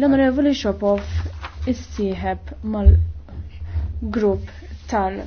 L-Onorevoli Shopov issieħeb mal-grupp tal-